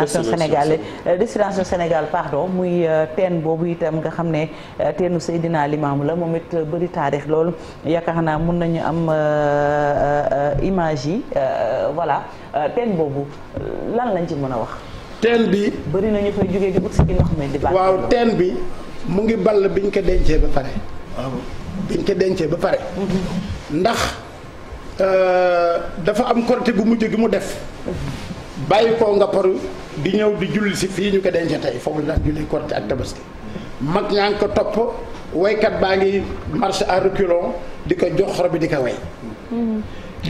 destination Sénégal euh, destination Sénégal pardon muy euh, teen boobu itam nga xam ne euh, teenu Seydina Limaamu la moom it bëri taarix loolu yaakaar naa mun nañu am image yi voilà teen boobu lan lañ ci mën a wax. teen bi bëri nañu fay jógee di ut si ndox mi di. waaw bi mu ngi ball biñ ko dencee ba pare. waaw ah dencee ba pare. Mhm. ndax dafa am korte bu mujj gi mu def. Mhm. bàyyi ko nga paru di ñëw di julli si fii ñu ko denc tey foofu la daan julli korite ak tabaski mag ñaa ngi ko topp woykat baa ngi marche à reculons di ko jox xoro bi di ko way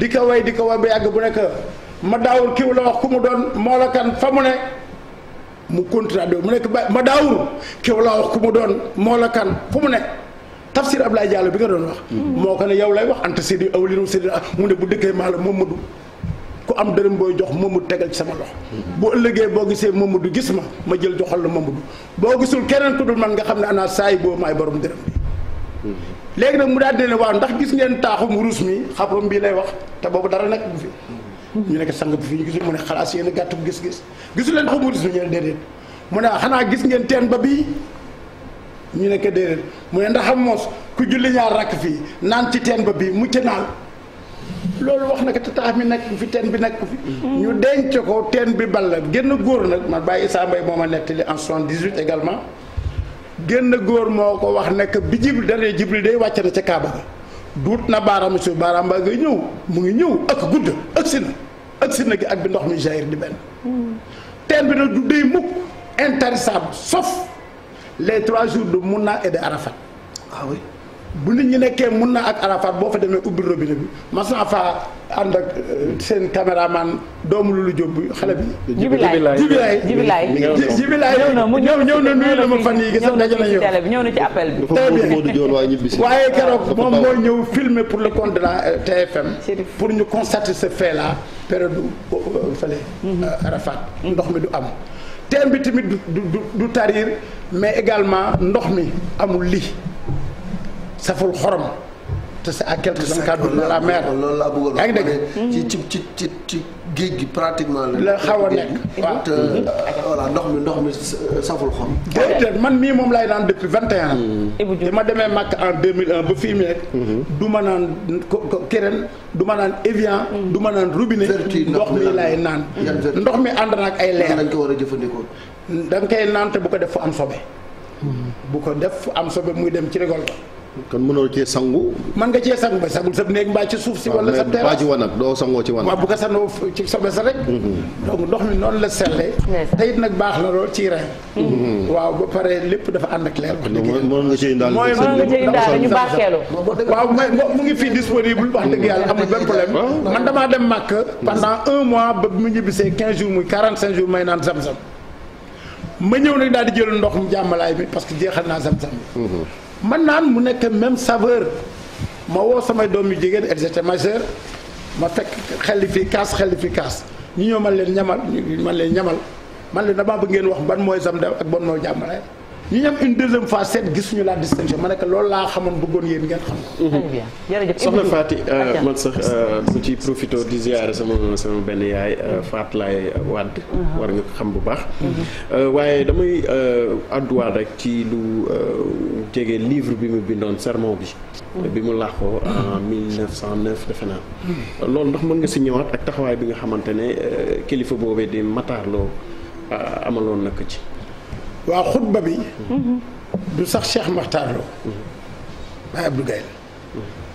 di ko way di ko way ba yàgg bu nekk ma daawul kiw la wax ku mu doon moo la kan fa mu ne mu continue mu nekk ba ma daawur kiw la ku mu doon moo la kan fu mu ne tafsir Ablaye Diallo bi nga doon wax mm. moo ko ne yow lay wax anta sidi awlinu sidi mu ne bu dëkkee maa la moom madu ku am dërëm booy jox Mamadou tegal ci sama loxo bu ëllëgee boo gisee Mamadou gis ma ma jël joxal la Mamadou boo gisul keneen ku dul man nga xam ne ana saay boo maay borom dërëm bi léegi nag mu daal di ne waaw ndax gis ngeen taaxum ruus mi xabrom bii lay wax te boobu dara nekk bu fi ñu nekk sang bi fi ñu gisul mu ne xalaas yéen a gis-gis gisuleen leen taaxum ruus mi ñu ne déedéet mu ne xanaa gis ngeen teen ba bii ñu nekk déedéet mu ne ndax am moos ku julli ñaar rakk fii naan ci teen ba bii mucc naal loolu wax na ko te tax mi nekk fi teen bi nekk fi. ñu denc ko teen bi balla génn góor nag man bàyyi Issa Mbaye moo ma nettali en 78 également génn góor moo ko wax nekk bi jib dalee jibli day wàcc na ca Kaaba ga duut na baaraamu su baaraam ba nga ñëw mu ngi ñëw ak gudd agsi na agsi na gi ak bi ndox mi jair di benn. teen bi nag du day mukk intarissable sauf les trois jours de Mouna et de Arafat waaw. Ah bu nit ñi nekkee mun na ak Arafat boo fa demee ubbi robinet bi mas naa fa ànd ak euh, seen man doomu lu lu jóg xale bi. jubilaay jubilaay jubilaay jubilaay ñëw ñëw na nuyu na ma fan yi gis nañu la ñëw ñëw na ci appel bi. waaye ah, keroog moom moo ñëw filmer pour le compte de la euh, TFM. pour ñu constater ce fait là période euh, fële. Mhm. Arafat mhm. ndox mi du am. thème bi tamit du du du tarir mais également ndox mi amul li saful xorom te c'est ak quelques encadres la loolu laa bëggoon yaa ngi dégg ci ci ci ci géej gi pratiquement la xaw a nekk waaw te mhm. euh, voilà ndox mi ndox mi saful xom déedéet man mii moom laay naan depuis vingt et un mm. bi ma demee màkk en 2001 ba fii mu nekk mhm. du ma naan Kirène du ma naan Evian mm. du ma naan robinet ndox mi laay naan ndox mi ànd na ak ay leer dañ war a jëfandikoo da koy naan te bu ko def fu am sobe mm. bu ko def fu am sobe muy dem ci rigol kon mënoo cee sangu. man nga cee sangu ba sangul sa néeg mbaa ci suuf si. wala sa terrasse ci doo sangoo ci wanag. waaw bu ko sangoo ci sobe sa rek. Mm-hmm. ndox mi noonu la sellee. te it nag baax na lool ci ren. Mm-hmm. waaw ba pare lépp dafa ànd ak leer. wax dëgg yàlla mooy nga cee daal ñu barkeelu. waaw mu ngi fii disponible wax dëgg yàlla amul benn problème. Ah. man damaa dem màkk. pendant un mois ba mu ñibbisee 15 jours muy 45 jours may naan sam zam ma ñëw nag daal di jël ndox mu jàmbalaay bi parce que jeexal naa sam zam mm-hmm. man naan mu nekk même saveur ma woo samay doom yu jigéen elles étaient majeures ma fekk xel fi kaas xel fi kaas ñu ñëw man leen ñamal man leen ñamal man leen damaa bëgg ngeen wax ban mooy Zamdam ak bon noo Jàmbalaay ñu ñam une deuxième gisuñu la distinction ma ne ko loolu laa xamoon bëggoon yéen ngeen xam. très mhm. euh, man sax euh, ci profité di sama sama benn yaay euh, mhm. Faty laay Wade. Mhm. xam bu baax. waaye damay àdduwaat rek ci lu jege livre bi mu bindoon sermon bi. mu làqoo en 1909 defe loolu ndax mën nga si ñëwaat ak taxawaay bi nga xamante ne kilifa boobee di Matar amaloon na ko ci. waa xutba bi. du sax Cheikh Makhtar Lo. waaye Abdou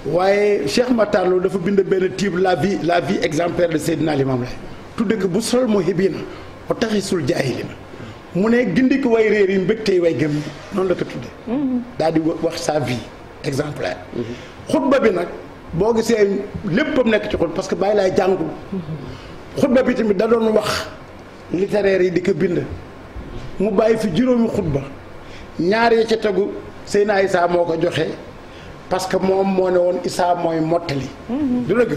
waaye Cheikh Makhtar dafa bind benn tiib la vie la vie exemplaire de Seydina Limam Laye. tudde ko bu sol mu hibiina o taxisul jaahilina mu ne gindi ko way réer yi mbégtey way gëm noonu la ko tudde daal di wax sa vie exemplaire. xutba bi nag boo gisee léppam nekk ci xol parce que bàyyi laay jàngul. xutba bi tamit da doon wax littéraire yi di ko bind. mu bàyyi fi juróomi xutba ñaar ya ca tegu Seydina Isaa moo ko joxe parce que moom moo ne woon Isaa mooy mottali mhm. du dëgg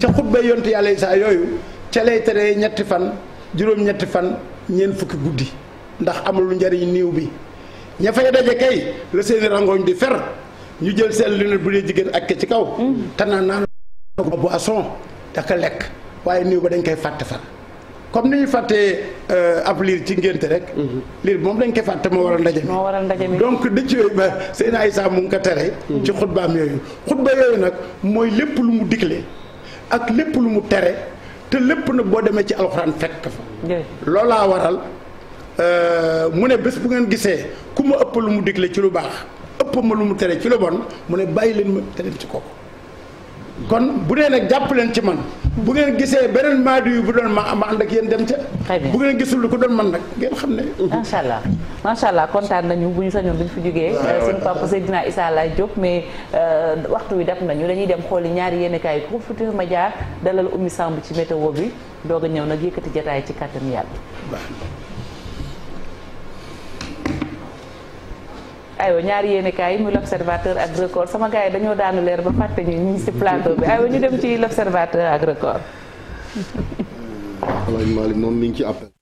ca xutba yontu yàlla Isaa yooyu ca lay tere ñetti fan juróom-ñetti fan ñeent fukki guddi ndax amul lu njariñ niiw bi ña fay daje kay la seeni rangooñ di fer ñu jël seen lu ne bu dee jigéen ak ci kaw mhm. te naan naan ason da ko lekk waaye niiw ba dañ koy fàtte fan comme ni ñuy fàttee euh, ab liir ci ngénte rek. Mhm. liir moom dañ koy fàtte moo war ndaje mi. moo waral ndaje mi donc dëcc yooyu ba seen ay saa mu ngi ko tere. Mhm. ci xutbaam yooyu xutba yooyu nag mooy lépp lu mu digle ak lépp lu mu tere te lépp nag boo demee ci alxuraan fekk fa. laa waral euh, mu ne bés bu ngeen gisee ku ma ëpp lu mu digle ci lu baax ëpp ma lu mu tere ci lu bon mu ne bàyyi leen ma te dem ci kooku. kon bu dee nag jàpp leen ci man bu ngeen gisee beneen maadu bu doon ma ma ànd ak yéen dem ca. bu ngeen gisul ko doon man nag ngeen xam ne. macha allah macha allah kontaan nañu bu ñu sañoon duñ fi jógee. waaw suñu papa Seydina Issa Laye Diop mais euh, waxtu wi dab nañu dañuy dem xooli ñaari yéenekaay Groupe Futurs Médias dalal Oumy Samb ci météo bi doog ñëw nag yëkkati jataay ci kàttan yàlla. aywa ñaari yéenekaay yi muy l'observateur ak record sama gars yi dañoo daanu leer ba fàtte ñu ngi ci plateau bi aywa ñu dem ci l'observateur ak record. Alaaji Malick moom mi ci appel.